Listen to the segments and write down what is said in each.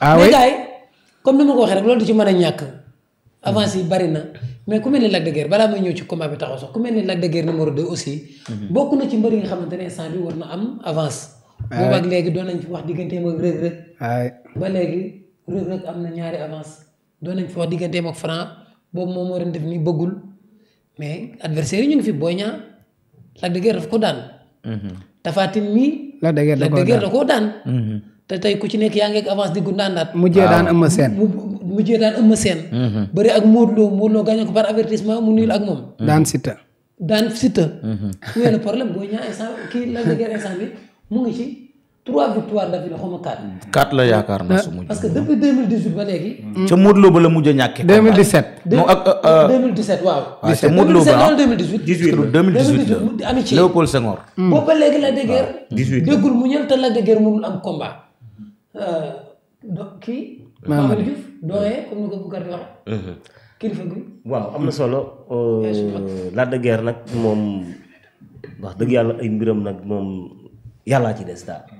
ah oui comme ni ma ko waxee rek loolu du ci man a ñàkk avance yi bari na mais ku mel ni Lac de balaa may ñëw ci combat bi taxaw sax ku mel ni Lac de Guiers numéro 2 aussi. Mhm. bokk na ci mbër yi nga xamante ne instant bi war na am avance. Ah boobu ak léegi doon nañ fi wax digganteem ak Reug Reug. Ah ba léegi Reug na ñaari avance doon nañ fi wax digganteem ak Franc boobu moom moo doon bëggul mais adversaire yi ñu ngi fi Boy Niang Lac de daf ko daan. Mhm. Tapha Tine mii. Lac de Guiers da koo daan mhm. te tey ku ci nekk yaa ngi ak avance di gundaandaat. waaw mujjee daan ëmm seen. mujjee daan ëmm mm-hmm. seen. ak Modou Lo Modou ko par avertissement mu nuyul ak moom. Mm-hmm. daan Siteu. daan Siteu. su mm-hmm. le problème booy ñaar instant kii la gën instant bi mu ngi ci trois victoires d'affilée la yaakaar na su que depuis 2018 mujj ñàkk. 2017. moom ak 2017 euh, euh, waaw. 17 2017 wala la 2018 la mu ñëw am combat. Euh, kii. Mamadou mhm. waaw am na solo. Euh, Lac de nag moom wax dëgg yàlla ay mbiram nag moom yàllaa ci des daal.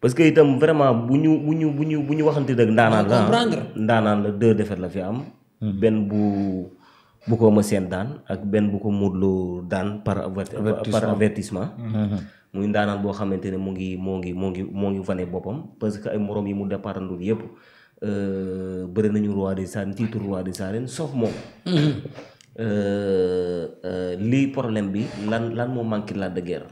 parce que itam vraiment bu ñu bu ñu bu ñu bu ñu waxante dëgg ndaanaan la ah. ndaanaan la la fi am. Mhm. benn bu. bu ko ma seen daan ak benn bu ko Modou Lo daan par par avertissement mhm. muy ndaanaan boo xamante ne mu ngi moo ngi moo ngi moo ngi wane boppam parce que ay morom yi mu départandul yëpp euh, bëri nañu roi des arènes titre roi des arènes sauf moom mhm. euh, euh, lii problème bi lan lan moo manqué Lac de Guiers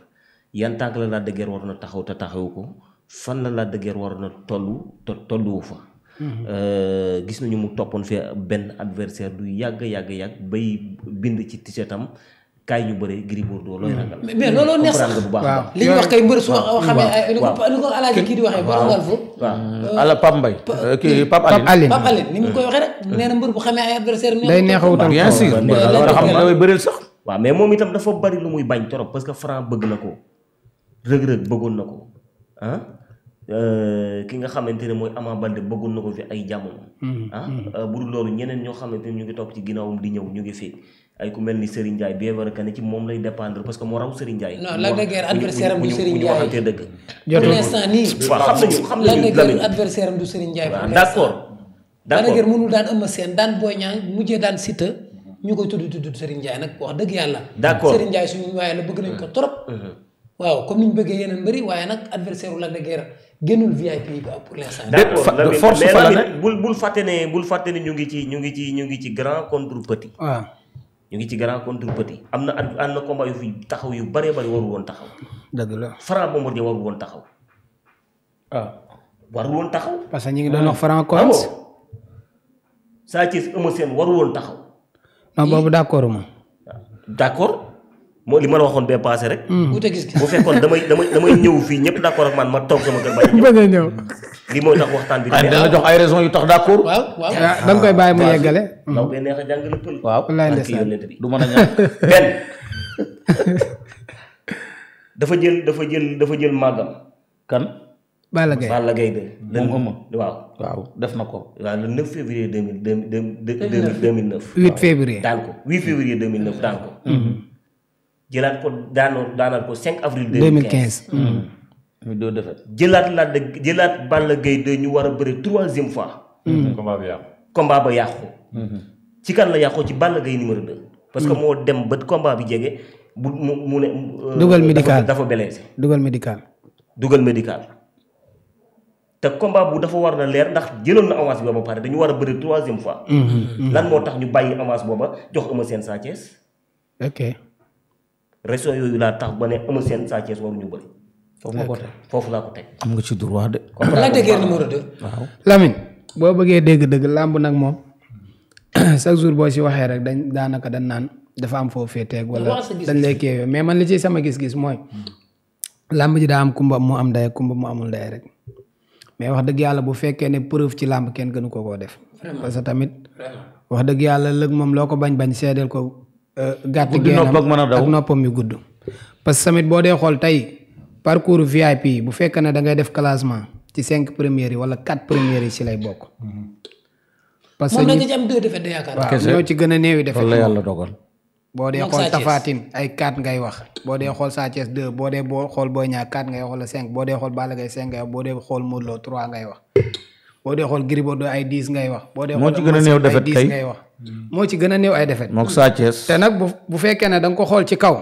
yan tànk la Lac de Guiers war na taxaw te taxawu ko fan la Lac de Guiers war na tollu te tolluwu fa Mhm. Euh, gis nañu mu toppoon fi benn adversaire du yàgg yàgg yàgg bay bind ci tisetam kaay ñu bëre Gris Bordeaux looy mhm. ragal. neex sax a la war a waaw mais moom itam dafa bari lu muy bañ torop parce que Franc bëgg na ko Reug Reug bëggoon na ko Euh, ki nga xamante ne mooy Ama Baldé bëggoon na ko fi ay jamono. Hmm, ah hmm. Euh, bu dul loolu ñeneen ñoo xamante ni ñu ngi topp ci ginnaawam di ñëw ñu ngi fi ay ku mel ni Serigne Ndiaye bien vrai moom lay dépendre parce que moo raw Serigne Ndiaye. non Lac de Guiers adversaire am du Serigne Ndiaye bu ñu waxantee dëgg. adversaire am du Serigne Ndiaye. waaw d'accord d'accord Lac daan Eumeu Sène daan Boy mujjee daan Siteu ñu koy tudd tudd Serigne Ndiaye nag wax dëgg yàlla. d'accord Serigne Ndiaye suñu waaye la bëgg nañ ko trop. waaw comme ni ñu bëggee yeneen bëri waaye nag adversaire u Lac génnul VIP pour l'instant. d'accord de force fa ne bul bul fàtte ne bul fàtte ñu ngi ci ñu ngi ci ñu ngi ci grand contre petit. waaw ñu ngi ci grand contre petit. am na am na combat yu fi taxaw yu bëree bëri waru woon taxaw. dëgg la Franc Bombardier waru woon taxaw. waaw ah. waru woon taxaw. parce que ñu ngi doon wax ah. Franc Coins. Sa Thiès Eumeu Sène waru woon taxaw. non boobu d'accord ma. d'accord. moo li man a waxoon bee paase rek. Mm. wute gis bu fekkoon damay damay damay ñëw fii ñëpp d' accord ak man ma toog sama kër bañ ñëw. lii mooy tax waxtaan bi. dina la jox ay raisons yu tax d' accord. waaw waaw ah, da nga koy bàyyi mu yeggale. ndaw bee neex a jàngale pël. waaw wallaay ndeysaan du mën a ñàkk benn dafa jël dafa jël dafa jël màggam. kan. Balla Gaye Balla Gaye de. moom ëmm de waaw def na ko. waaw le de février 2000 2009. 8 février daan ko 8 février 2009 daan ko. Mm-hmm. jëlaat ko daanoo daanal ko 5 avril 2015 hmm. hmm. muy doo defet jëlaat Lac de jëlaat Balla Gaye 2 ñu war a bëri troisième fois. Hmm. combat ba yàqu. combat ba yàqu. ci kan la yàqu ci Balla Gaye numéro 2. parce que moo dem ba combat bi jege bu mu mu ne. Euh, dugal médical dafa blessé dugal médical. dugal médical. te combat bu dafa war na leer ndax jëloon na avance bi ba pare dañu war a bëri troisième fois. lan moo tax ñu bàyyi avance booba jox Eumeu Sène Sa Thiès. ok. raison yooyu laa tax ba ne Eumeu Sène Sa Thiès waruñu bëri. foofu nga ko teg foofu laa ko teg. am nga ci droit de. la déggee waaw Lamine boo bëggee dégg-dëgg làmb nag moom chaque jour boo ci waxee rek dañ daanaka dañ naan dafa am foofu fee teg wala dañ lay keewee mais man li ci sama gis-gis mooy. lamb ji daa am kumba mu am ndey kumba mu amul ndey rek mais wax dëgg yàlla bu fekkee ne preuve ci làmb kenn gënu ko koo def. parce tamit wax dëgg yàlla lëg moom loo ko bañ bañ seedeel ko. Euh, gàtt geenam ak mën a daw ak noppam yu gudd. parce que tamit boo dee xool tey parcours VIP bu fekkee ne da ngay def classement ci cinq premières yi wala quatre premières yi ci lay bokk. parce que moom nga ci am ci gën a néewi défaite wala yàlla dogal. boo dee xool tafaatin ay ngay wax boo dee xool Sa Thiès boo dee boo xool Boy Niang 4 ngay wax wala 5 boo dee xool Balla Gaye boo dee xool Modou Lo 3 ngay wax boo dee xool Gris Bordeaux ay diis ngay wax. moo ci gën a néew ay defet. te nag bu bu fekkee ne da nga ko xool ci kaw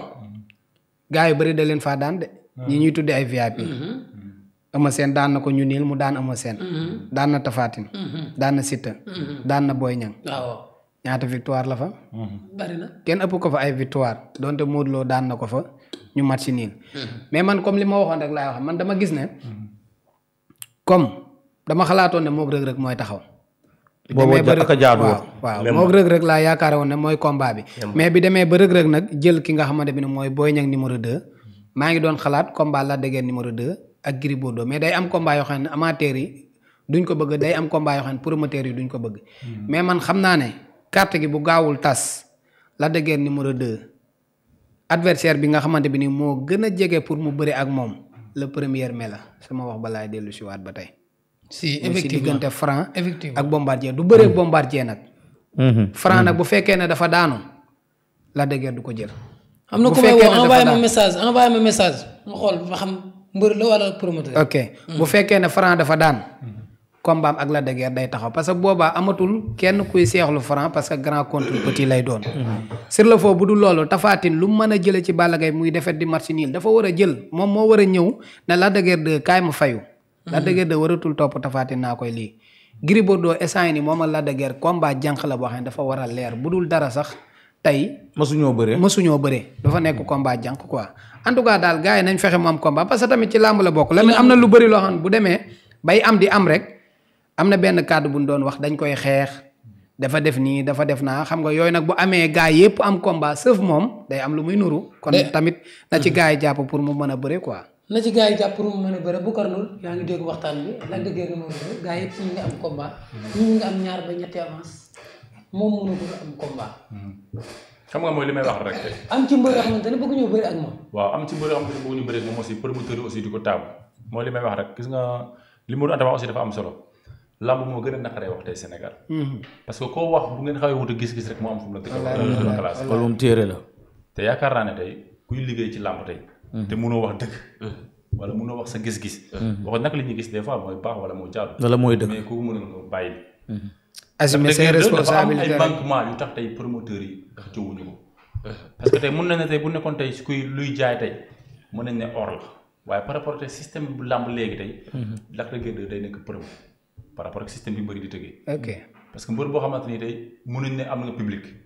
gars yu bëri da leen faa daan de. Ah. ñi ñuy tuddee ay VIP. Mm-hmm. Mm-hmm. Eumeu Sène daan na ko ñu niil mu daan Eumeu Sène. Mm-hmm. daan na Tapha Tine. daan na Siteu. daan na Boy Niang. waaw ñaata victoire la fa. bari na kenn ëpp ko fa ay victoire donte Modou Lo daan na ko fa ñu mat si niil. mais man comme li ma waxoon rek laay wax man dama gis ne comme. dama xalaatoon ne moog Reug Reug mooy taxaw. boobu ak jaadu waaw waaw moog Reug Reug laa yaakaar woon ne mooy combat bi. mais bi demee ba Reug Reug nag jël ki nga xamante ne mooy Boy Niang numéro 2. maa ngi doon xalaat combat Lac de Guiers numéro 2 ak Gris mais day am combat yoo xam ne amateurs duñ ko bëgg day am combat yoo xam ne promoteurs yi duñ ko bëgg. Hmm. mais man xam naa ne carte gi bu gaawul tas Lac de numéro 2. adversaire bi nga xamante bi ni moo gën a jege pour mu bëri ak moom le premier mai la sama wax balaa dellu si ba tey. si effectivement si diggante Franc ak Bombardier du bëree Bombardier nag. Mm-hmm. Franc nag mm-hmm. bu fekkee ne dafa daanu la dëgër du ko jël. am na ku may woo envoyé ma message envoyé la wala mm-hmm. bu fekkee ne Franc dafa daan. combat ak la dëgër day taxaw parce que boobaa amatul kenn kuy seexlu Franc parce que grand contre petit lay doon. sur bu dul loolu tafaatin lu mën a jëlee ci Balla muy defet di match dafa war a jël moom moo war a ñëw ne la dëgër de kaay mu fayu. Lac de Guiers waratul topp tafaatin naa koy lii Gris Bordeaux essange ni moom Lac la Guiers combat jànq la boo xam ne dafa war leer bu dul dara sax tey mësuñoo bëree mësuñoo bëree dafa nekk combat jànq quoi en tout cas daal gars yi nañ fexe mu am combat parce que tamit ci làmb la bokk am na lu loo xam ne bu demee bay am di am rek am na benn kàddu bu ñu doon wax dañ koy xeex dafa def nii dafa def naa xam nga yooyu nag bu amee gars yépp am combat sauf moom day am lu muy nuru kon tamit na ci gars yi jàpp pour mu mën a bëre quoi na ci gars yi jàpp pour mu mën a bëre bu karnul yaa ngi dégg waxtaan bi Lac de Guiers nga mën a bëre gars yi yëpp ñu ngi am combat mm-hmm. ñu ngi am ñaar ba ñetti avance moom mënagul am mm-hmm. li may wax rek am ci mbër yoo xamante ne bëgguñu ak moom aussi promoteur aussi di ko taamu mooy li may rek gis nga li mu antama aussi dafa am solo lamb moo gën a naqaree wax tey Sénégal mm-hmm. parce que koo wax bu ngeen xawee a gis-gis moo am fu mu téere la te yaakaar naa ne tey kuy liggéey ci lamb tey Mm-hmm. te mënoo wax dëgg. Mm-hmm. wala mënoo wax sa gis-gis. wax nag li ñuy gis des fois mooy baax wala moo jaadu. wala mooy dëgg mais kooku mënul ko bàyyi. assumer ses responsabilités dafa am ay manquements yu tax tey yi ndax jëwuñu ko. Mm-hmm. parce que tey mun nañ ne bu nekkoon tey kuy luy jaay tey mën nañ ne or la waaye par rapport ak bu làmb léegi tey. Lac de day nekk preuve par rapport ak système bi mbëri di boo xamante ni tey mënuñ ne am nga public.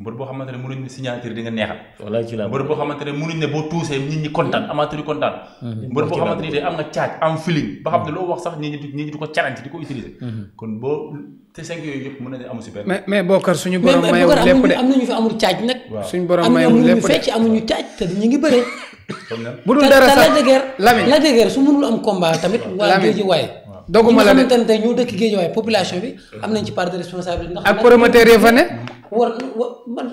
mbër boo xamante ne mënuñ ne signature di nga neexal. walaay ci laa mbër boo xamante ne mënuñ ne boo tuusee nit ñi kontaan amateur yi kontaan. mbër boo xamante ne nit ñi di ko challenge di ko utiliser. kon boo te cinq yooyu yëpp mën na ne amu si benn. mais mais Bokar suñu borom mayewul lépp de am nañu fi amul caaj nag. suñu borom mayewul bu dul dara sax Lamine te la su mënul am combat tamit. Lamine waaye doguma la de ñi tey ñu dëkk Guédiawaye population bi am nañ ci part de ak promoteur yi fa ne. a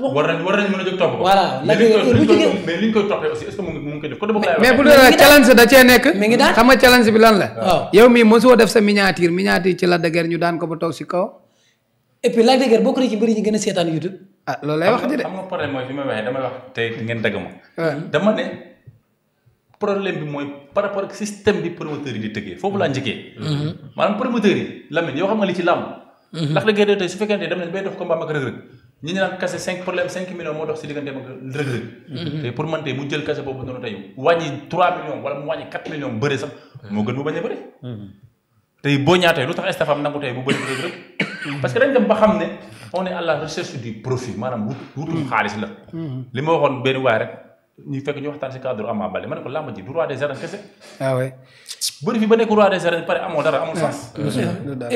jóg topp ko. voilà mais li ñu koy toppee aussi est ce bu dee challenge da cee nekk. mi ngi daan xam nga challenge bi lan la. waaw yow mii mosoo def sa miniature miniature ci la de ñu daan ko ba toog si kaw. et puis Lac de Guiers bokk na ci mbir ñi gën a seetaan YouTube. ah loolu lay wax ji de. xam nga problème problème bi mooy par rapport ak système bi promoteur yi di tëggee foofu laa njëkkee. Mhm. maanaam promoteur yi Lamine yoo xam nga li ci làmb. Mhm. ndax la gerte tey su fekkente dem nañ bay dox combat am ak rëg-rëg ñi ñu mhm. man tey mu jël kase boobu noonu tey wàññi trois millions wala mu wàññi quatre millions bëre sax moo gën mu bañ a bëre. tey boo ñaatee lu tax estafam nangu tey bu bëri rëg-rëg parce que dañ dem ba xam ne on est à la recherche du profit maanaam wut wutum xaalis la. li ma waxoon benn waay rek ñu fekk ñu waxtaan si cadre Ama Baldé ma ne ko du roi des arènes kese. waaw ah waay. ba nekk roi des arènes pare amoo dara amul ah, sens.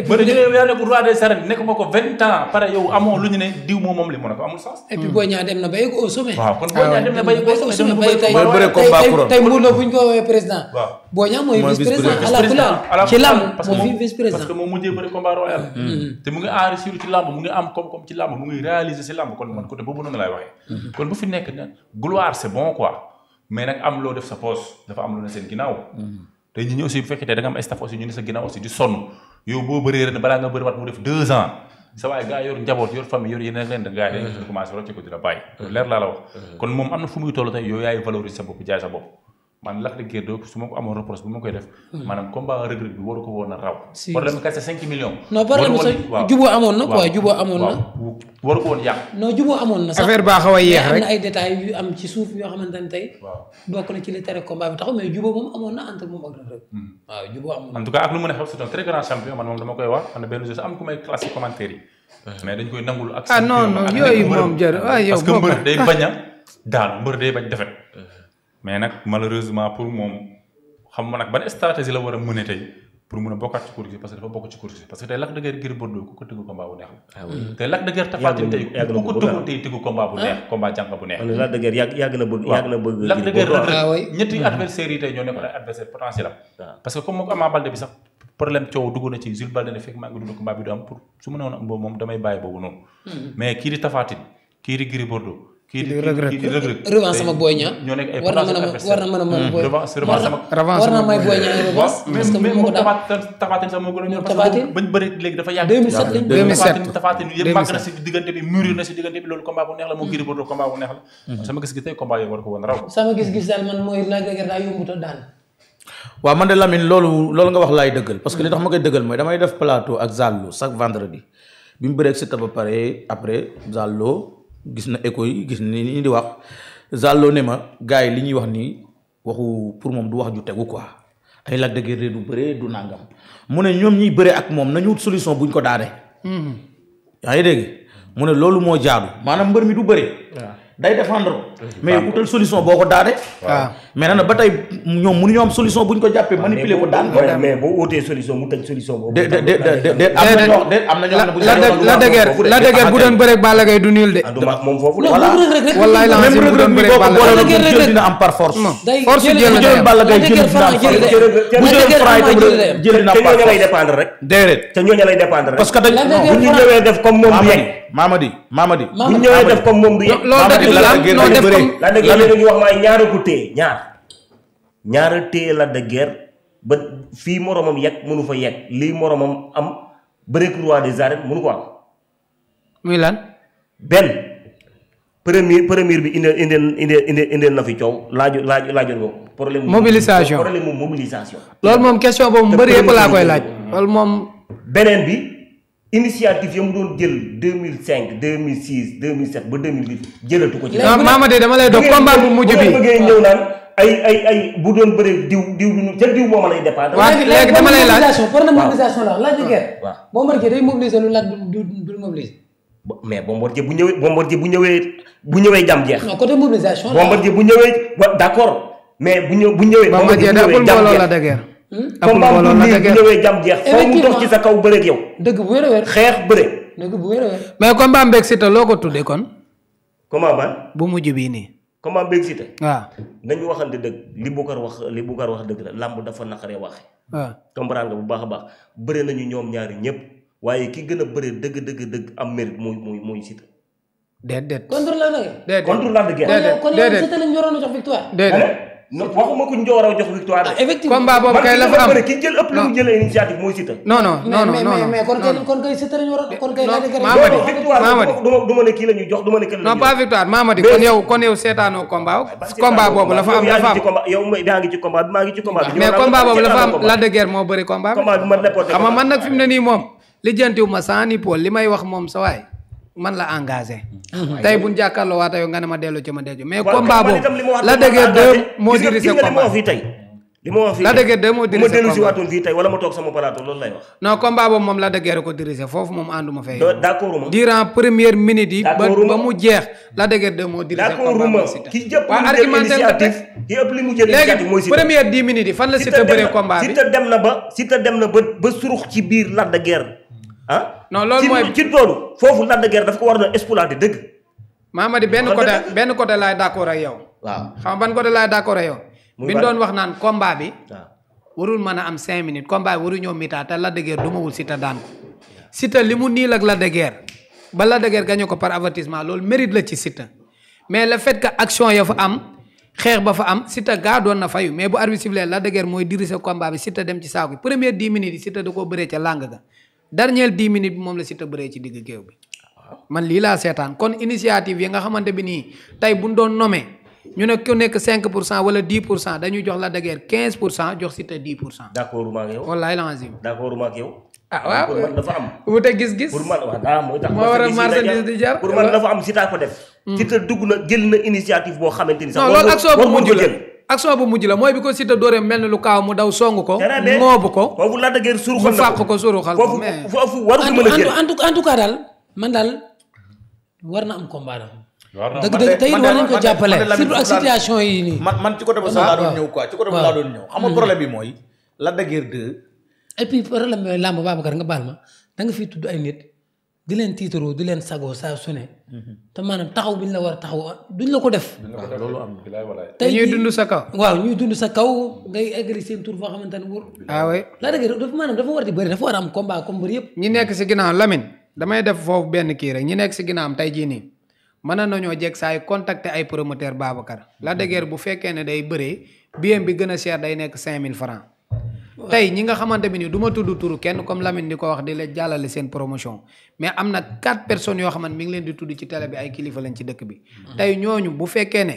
bëri yow amoo lu ñu ne diw moom moom li mu ne ko amul sens. et puis Boy dem na ba yegg au waaw kon Boy Niang dem na ba yegg au sommet. Ah dem na ba yegg président. boo Niang mooy vice président ala ci làmb mooy vice président parce que moom mujjee bëri combat royal. Mm-hmm. te mu ngi enrichir ci làmb mu ngi am koom-koom ci làmb mu ngi réaliser si làmb kon man côté boobu noonu laay waxee. Mm-hmm. kon bu fi nekk nag gloire c'est bon quoi mais nag am loo def sa poche dafa am lu ne seen ginnaaw. Mm-hmm. te ñu aussi bu fekkee da nga am staff aussi ñu ne sa ginnaaw aussi di sonn yow boo bëree ren balaa nga bëri waat mu def deux ans. sa waay gars yor njaboot yor famille yor man Lac de Guiers su ma ko amoon reproche bu ma koy def. Hmm. maanaam combat Reug Reug bi waru ko woon a bi na quoi juboo amoon na. waru ko woon yàq. non juboo amoon na sax affaire baa xaw a yéex rek am na ay détails yu am ci suuf yoo xamante ne tey. waaw na ci li tere juboo amoon na entre moom ak Reug hmm. na. en tout cas ak a xew c'est am ku may classé commentaire yi. Hmm. mais dañ koy nangul ak. ah non non yooyu moom jërë parce que mbër day bañ a daan mbër day bañ defet mais nag malheureusement pour moom xam ma nag ban stratégie la war a mëne tey pour mun a bokkaat ci course gi parce que dafa bokk ci course gi parce que la ah tey Lac de Guiers Tapha Tine que comme moo ko Ama Baldé bi sax problème coow dugg na ci Jules Baldé ne fekk maa ngi dund combat bi du am su ma newoon am moom damay bàyyi boobu noonu hmm. mais kii di Tapha kii di Gris kii di rëg rëg revanche sama Boy Niang ñoo nekk a war a a neex la moo Gris Bordeaux sama gis-gis tey combat yooyu war ko woon raw sama gis-gis daal mooy Lac de Guiers daa yombuta man de Lamine loolu loolu nga wax laay dëggal parce que li tax ma koy dëggal mooy damay def plateau ak Zallo chaque vendredi bi mu bëree ak Siteu ba pare après Zallo gis na écho yi gis ni ñu di wax Zallo ne ma gars yi li ñuy wax ni waxu pour moom du wax ju tegu quoi ay Lac de Guiers du bëree du nangam mu ne ñoom ñuy bëree ak moom nañu wut solution buñ ko daane. Hmm. yaa ngi dégg mu ne loolu moo jaadu maanaam mbër mi du bëree. day défendre ko. mais utal solution boo ko daane. waaw mais nag ba tey ñoom mënuñoo am solution buñ ko jàppee manipuler ko daan. ko mais boo utee solution mu tëj solution boobu. de de de de am na ñoo am na ñoo xam ne bu ñu la dëgër la dëgër bu doon bëre ak Balla Gaye du niil de. Ah, moom foofu la voilà wallaay la même rëg rëg bi boo ko boole woon jël dina am par force. force jël bu jëloon Balla Gaye jël dina am bu jëloon Fra itam jël dina am par force. te ñooñu lay dépendre rek. déedéet te ñooñu lay dépendre rek. parce que dañ bu ñu ñëwee def comme moom yegg Mamadi Mamadi. bu ñëwee def comme moom du yéen. loolu def ñaar ñaara la de ba fii moromam yegg mënu fa lii moromam am bëreek roi des arènes mënu ko am. muy lan. benn premier premier bi indee indee indee indee na laaju laaju laajoon ko. problème mobilisation problème mobilisation. loolu moom laa koy laaj. loolu moom. beneen bi. initiative ya mu doon jël 2005 2006 2007 ba 2008 jëlatu ko ci. léegi maama de dama lay doon combat bu mujj bi bëggee ñëw naan ay ay ay bu doon bëree diw diw bi ñu ca diw moom lay dépendre. waaw léegi dama lay laaj mobilisation par na mobilisation la laaj guerre. waaw Bombardier day lu laaj du du mobiliser. mais Bombardier bu ñëwee Bombardier bu ñëwee bu ñëwee jàmm jeex. non côté mobilisation la Bombardier bu ñëwee wa d' accord mais bu ñëw bu ñëwee. Bombardier bu ñëwee jàmm jeex Hmm? combat bu ñëwee jàmm jeex foo mu dox ci sa a xeex bëre. dëgg bu wér a wér. mais combat mbeeg Siteu loo ko tuddee kon. combat ban. bu mujj bii nii. combat mbeeg Siteu. waaw nañu waxante dëgg li Boucar wax li Boucar wax dëgg la làmb dafa naqaree waxe waaw comprendre nga baax a baax bëre nañu ñoom ñaari ñëpp waaye ki gën a bëre dëgg dëgg dëgg am mérite mooy mooy mooy Siteu. déedéet. contre la déedéet contre a non waxuma ko Ndiol jox victoire de. Ah, effectivement combat kon kay a kon kay. seetaanoo combat. combat boobu la fa la de guerre moo bëri combat bi. man nag fi ne nii moom lijjantiw ma saani pool li may wax moom sa waay man la engage mm-hmm. tey bu ñu jàkkaarloo waat yow nga ne ma dellu ci ma dellu ci mais. combat boobu la déggee deux moo dirigé combat moo dirigé combat ma dellu si waatoon fii tey wala ma toog sama plateau loolu lay wax. non combat boobu la déggee rek ko dirigé foofu moom ànduma fay. d'accord première minute yi. ba mu jeex la déggee deux moo dirigé combat ma si première dix minutes yi fan la si bëree combat bi si dem na ba si dem na ba surux ci biir Lac de non loolu mooy ci loolu foofu Lac de Guiers daf ko war a exploiter dëgg. Mamady benn côté benn côté laay d'accord ak yow. waaw xam ban côté laay d'accord ak yow. bi ñu doon wax naan combat bi. warul mën a am cinq minutes combat bi waru ñëw mitaa te Lac de Guiers dumawul Siteu daan li mu niil ak Lac de Guiers ba Lac de ko par avertissement loolu mérite la ci Siteu mais la fait que action ya fa am xeex ba fa am Siteu gaa doon na fayu mais bu arbitre sifflé Lac de Guiers mooy bi Siteu dem ci saako yi première dix minutes yi Siteu da koo bëree ca làng ga dernière dix minutes bi moom la Siteu bëree ci digg géew bi. man lii laa seetaan kon initiative yi nga xamante bi nii tey bu ñu doon nommé ñu ne ku nekk cinq pour cent wala 10 pour cent dañuy jox la daguerre 15 pour cent jox Siteu 10 pour cent. d' accord ma ak yow. wallaahi lazim. d' accord ma yow. Ah, waaw wute gis-gis pour moo waral marchandise di jar pour man dafa am Siteu ko def. Hmm. Siteu dugg la jël na initiative boo xamante ni sax. non loolu ak soo ko mujj la action bu mujj la mooy bi ko Siteu dóoree mel ni lu kaaw mu daw song ko. ngoobu ko foofu Lac de Guiers suruxal na ko fàq ko ko mais foofu ko mën daal man daal war na am combat daal. war na dëgg tey war nañu ko jàppale surtout ak situation yi nii. man man ci côté boobu sax laa doon ñëw quoi ci côté boobu laa doon ñëw. xam nga mhm. problème bi mooy Lac de Guiers 2. et puis problème bi mooy làmb Babacar nga baal ma da nga fiy tudd ay nit di leen tiitaroo di leen sagoo saa su ne. Mhm. te maanaam taxaw bi ñu la war a taxaw ah, duñ la ko def. waaw loolu am tey ñuy dund sa kaw. waaw ñuy dund sa kaw ngay eggali seen tur foo xamante ne wóor. ah oui la dëgg dafa maanaam dafa war di bëri dafa war a am combat comme bëri yëpp. ñi nekk si ginnaaw Lamine damay def foofu benn kii rek ñi nekk si ginnaaw am tey jii nii. mën nañoo jeg saa yu contacter ay promoteur Babacar. la dëgg bu fekkee ne day bëree bien bi gën a cher day nekk 5000 francs tey ñi nga xamante bi ni du tudd turu kenn comme Lamine ni ko wax di la jàllale seen promotion mais am na quatre personnes yoo xamante mi ngi leen di tudd ci télé bi ay kilifa lañ ci dëkk bi mm-hmm. tey ñooñu bu fekkee ne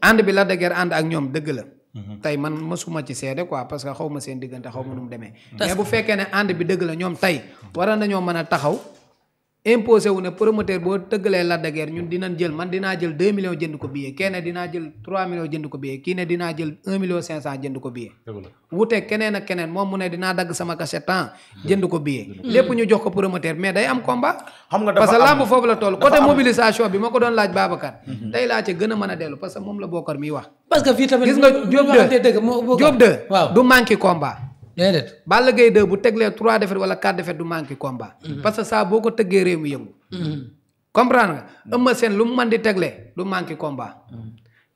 ànd bi la dëgër ànd ak ñoom dëgg la mm-hmm. tey man mësuma ci seede quoi parce que xaw ma seen diggante xaw ma nu mu demee mais bu fekkee ne ànd bi dëgg la ñoom tay war nañoo mën a taxaw imposé wu ne promoteur boo tëggalee Lac la Guiers ñun dina jël man dinaa jël 2 millions jënd ko billet kenn dinaa jël 3 millions jënd ko billet kii ne dina jël 1 million 500 jënd ko billet. wute keneen ak keneen moom mu ne dinaa dagg sama cachet temps mm. jënd ko billet. Mm. lépp ñu jox ko promoteur mais day am combat. xam nga parce que làmb foofu la toll côté mobilisation bi ma ko doon laaj Babacar. Mm-hmm. tey laa ci gën a mën a dellu parce que moom la bokkar miy wax. parce que fii tamit gis nga Diop déedéet Balla Gaye 2 bu teglee trois défaites wala quatre défaites du manqué komba mhm. parce que saa boo ko tëggee réew mi yëngu. Mhm. comprendre nga mhm. Eumeu Sène lu mu mën di teglee du manqué combat.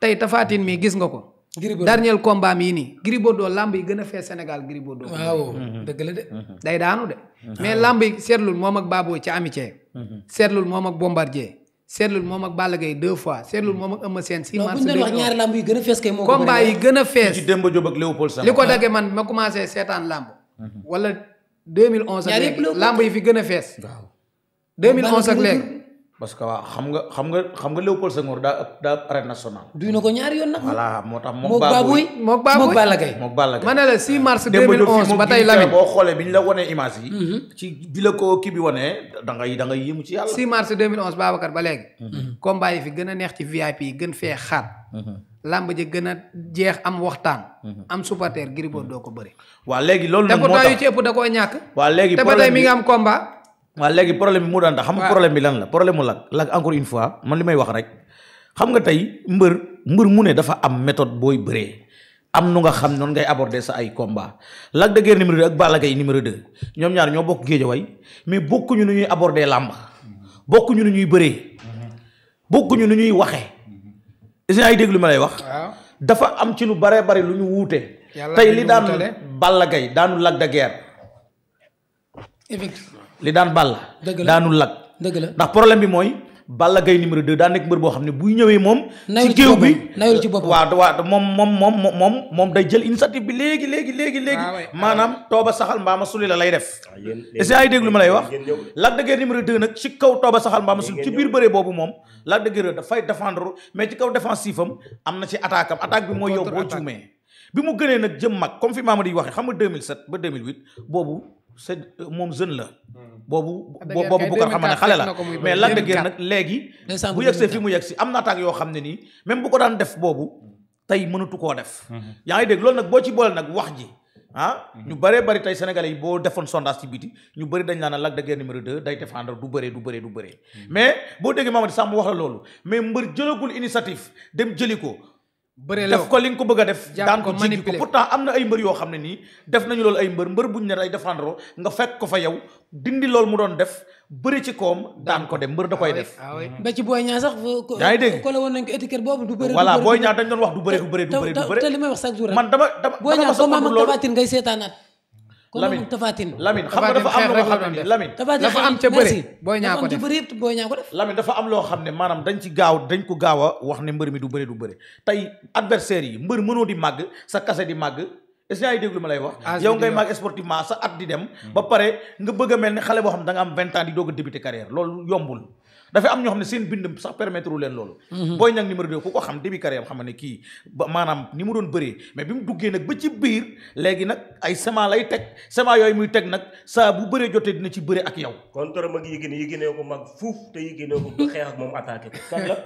tey tafaatin mii gis nga ko. dernier combat mii nii. Gris Bordeaux lamb yi gën a fee Sénégal Gris Bordeaux. waaw dëgg de. day daanu de. mais lamb yi seetlul moom ak Baboy ci amitié. seetlul moom ak Bombardier. seetlul moom ak Balla Gaye deux fois seetlul hmm. moom ak Eumeu Sène six mars wax ñaari yi gën a fees moo ko gën a fees ci Demba Diop ak Léopold Senghor li ko daggee man ma commencé seetaan lamb hmm. wala 2011 ak léegi lamb yi fi gën a fees 2011 ak léegi parce que waaw xam nga xam nga xam nga Léopold Senghor daa daa arène nationale. duy na ko ñaari yoon nag. voilà moo tax moom. Baboy moog Baboy moog Balla Gaye moog Balla Gaye. ma ne la 6 mars 2011 ba tey Lamine boo xoolee bi ñu la wanee image yi. Mhm. ci bi la ko kii bi wanee da ngay da ngay yéemu ci yàlla. 6 mars 2011 Babacar ba léegi. Mhm. combat yi fi gën a neex ci VIP yi gën fee xaat. Mhm. làmb ji gën a jeex am waxtaan. am supporter Gris Bordeaux doo ko bëri. waaw léegi loolu nag moo tax te yu ci ëpp da koo ñàkk. waaw léegi problème bi te ba tey mi ngi am combat. waa léegi problème bi mu daan tax xam nga problème bi lan la problème mu lak lak encore une fois man li may wax rek xam nga tey mbër mbër mu ne dafa am méthode booy bëree am nu nga xam noonu ngay aborder sa ay combat lag de Guiers numéro 2 ak Balla Gaye numéro 2 ñoom ñaar ñoo bokk way mais bokkuñu nu ñuy aborder làmb bokkuñu nu ñuy bëree bokkuñu nu ñuy waxee is ay déglu ma lay wax dafa am ci lu bare bare lu ñu wuute tey li daan Balla Gaye daanu Lac de li daan Balla. dëgg la daanul lag. dëgg la ndax problème bi mooy. Balla Gaye numéro 2 daa nekk mbër boo xam ne buy ñëwee moom. ci géew bi nawul ci boppam waaw waaw moom moom moom moom moom day jël initiative bi léegi léegi léegi léegi. Ah ah maanaam tooba saxal mbaama suli la lay def. Ah, est-ce que ay dégg lu ma lay wax. Lac de Guiers numéro 2 nag ci kaw tooba saxal mbaama suli ci biir bëree boobu moom. Lac de Guiers dafay défendre mais ci kaw défensif am na ci attaque am attaque bi mooy yow boo juumee. bi mu gënee nag jëm mag comme fi Mamadou c'est moom jeune la. Hmm. boobu ah, boobu bu ko xam ne xale la mais Lac de Guiers nag léegi. bu yegsee fi mu yegsi am na attaque yoo xam ne nii même bu ko daan def boobu tey mënatu koo def. Hmm. yaa ngi dégg loolu nag boo ci boole nag wax ji ah. Hmm. ñu bare bari tey sénégal yi boo defoon sondage ci biti ñu bëri dañ naan Lac de Guiers numéro 2 day défendre du bëree du bëree du bëree. mais boo déggee Mamadi Samb wax la loolu mais mbër jëlagul initiative dem jëli ko. bëree def ko li nga ko bëgg a def. daan ko jéggi ko pourtant am na ay mbër yoo xam ne nii def nañu loolu ay mbër mbër buñ ne day défendre nga fekk ko fa yow dindi lool mu doon def bëri ci koom daan ko dem mbër da koy ah def. Ah mm-hmm. ba booy ñaa sax. doon wax du bëri du bëri du bëri. te li may wax chaque jour rek man dama dama. booy ñaa ba maam ak tabatin ngay seetaanaat Lamine Lamine xam nga dafa am loo xam ne Lamine dafa am ca bëri booy ñaa ko def booy ñaa dafa am loo xam ne maanaam dañ ci gaaw dañ ko gaawa wax ne mbër mi du bëri du bëri tey adversaire yi mbër mënoo di màgg sa kase di màgg est-ce que yaa ma lay wax ah, yow ngay màgg sportivement sa at di dem ba hmm. pare nga bëgg a mel ne xale boo xam da nga am vingt ans di doog a débuter carrière loolu yombul dafa am ñoo xam ne seen bind sax permettre leen loolu mhm. Boy Niang numéro 2 ku ko xam début carrière xam ne kii ba maanaam ni mu doon bëree mais bi mu duggee nag ba ci biir léegi nag ay sement lay teg sement yooyu muy teg nag saa bu bëree jotee dina ci bëre ak yow contre mag Yékini Yékini ko mag fuuf te Yékini ko xeex ak moom attaqué ko kan la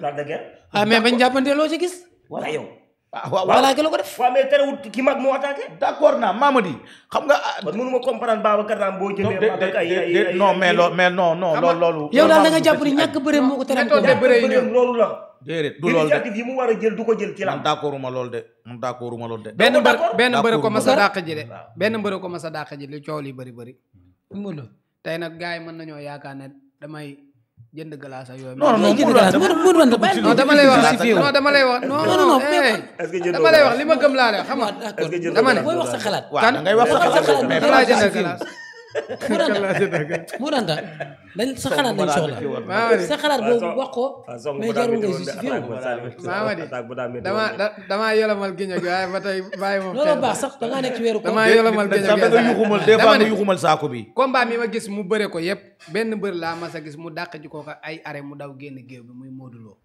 Lac de Guiers ah, mais bañ jàppante loo ci gis wala yow waaw ah, waaw attaqué la ko def. waaw mais terewul ki mag moo attaqué. d' accord naa Mamadi xam nga. Ah, kon mënu ma comprendre Babacar boo jëlee. non mais loo mais noo non loolu loolu. yow daal da nga jàpp ni ñàkk bëreem moo ko tere. ñàkk loolu la. du loolu de war a jël du ko jël la. d' accord ma loolu de man d' accord ma loolu de. benn mbër benn mbër ko mas a de. benn mbër ko mas a dàq ji li coow li bëri bëri. tey nag gars yi mën nañoo yaakaar ne damay jënd glace ak yooyu. non non dama lay wax non dama lay wax. non non eh, dama lay wax li ma gëm laa lay xam nga. dama xalaat. waaw da ngay wax sa xalaat Mouranda dañ sa xalaat lañ soxla sa xalaat boobu wax ko mais jarul nga justifié Mamadi dama damaa yolomal géñ gi waaye ba tey bàyyi moom loolu damaa yolomal géñ gi bi combat mi ma gis mu bëre ko yépp benn bër laa mas gis mu dàq ji kooka ay arrêt mu daw génn géew bi muy Modou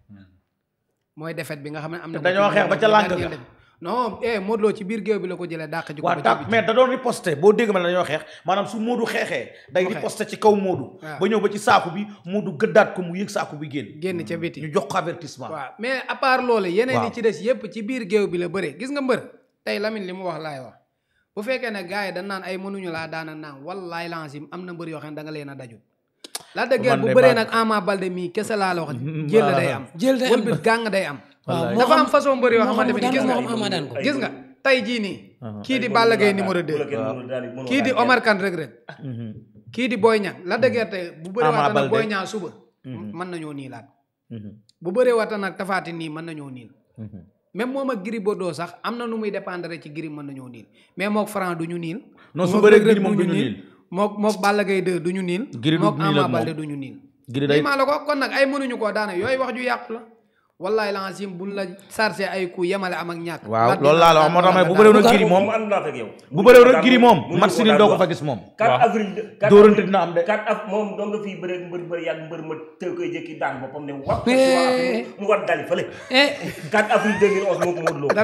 mooy defet bi nga xam ne am na dañoo xeex ba ca lànk non eh Modou Lo ci biir géew bi la ko jëlee dàq ji ko waaw dàq mais da doon riposté boo dégg ma ne dañoo xeex maanaam su Modou xeexee day riposté ci kaw Modou ah. ba ñëw ba ci saaku bi Modou gëddaat ko mu yëg saaku bi génn génn ca biti ñu jox ko avertissement waaw mais à part loolu yeneen yi ci des yépp ci biir géew bi la bëree gis nga mbër tey Lamine li mu wax laay wax bu fekkee ne gars yi da naan ay mënuñu laa daana naan wallaay lancim am na mbër yoo xam ne da nga leen a dajut la dëgg bu bëree nag Ama Baldé mii kese laa la wax jël day am jël day am gàng day am dafa am façon mbër yoo xamante ne gis nga gis nga tey jii nii ah, ah. kii di Balla Gaye numéro 2 kii di Omar Kane Reug Reug mhm. kii di Boy Niang la dëggeer tey bu bëree waata nag Boy Niang suba mhm. mën nañoo niilaat mhm. bu bëree waata nag tafaati nii mën nañoo niil même moom ak Gris Bordeaux sax am na nu muy dépendre ci Gris mën nañoo niil mais mook Franc du ñu niil non su bëree Gris moom du ñu niil mook mook Balla Gaye 2 du ñu niil mook Ama Baldé du ñu niil li maa la ko kon nag ay mënuñu koo daana yooyu wax ju yàqu la wallaay la asim buñ la chargé ay ku yemale am ak ñàkk. waaw loolu laa la wax moo tax bu bëreewoon ak giri moom bu bëreewoon ak giri moom mat si doo ko fa gis moom. 4 avril dóorante dina am de. 4 av doo nga fii bëree mbër mbër yàgg mbër ma tëw koy jékki daan boppam ne wax mu war dali fële moo ko